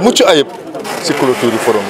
mucc ayib si clôture yi forum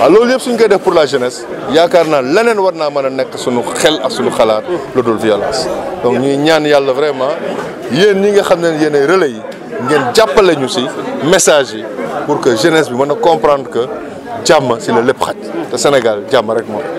waaw loolu yëpp suñ koy def pour la jeunesse yaakaar naa leneen war naa mën a nekk suñu xel ak suñu xalaat lu dul violence donc ñuy ñaan yàlla vraiment yéen ñi nga xam ne yéen ay relais yi ngeen jàppale ñu si message yi pour que jeunesse bi mën a comprendre que jàmm si la lépp xaj te Sénégal jàmm rek moom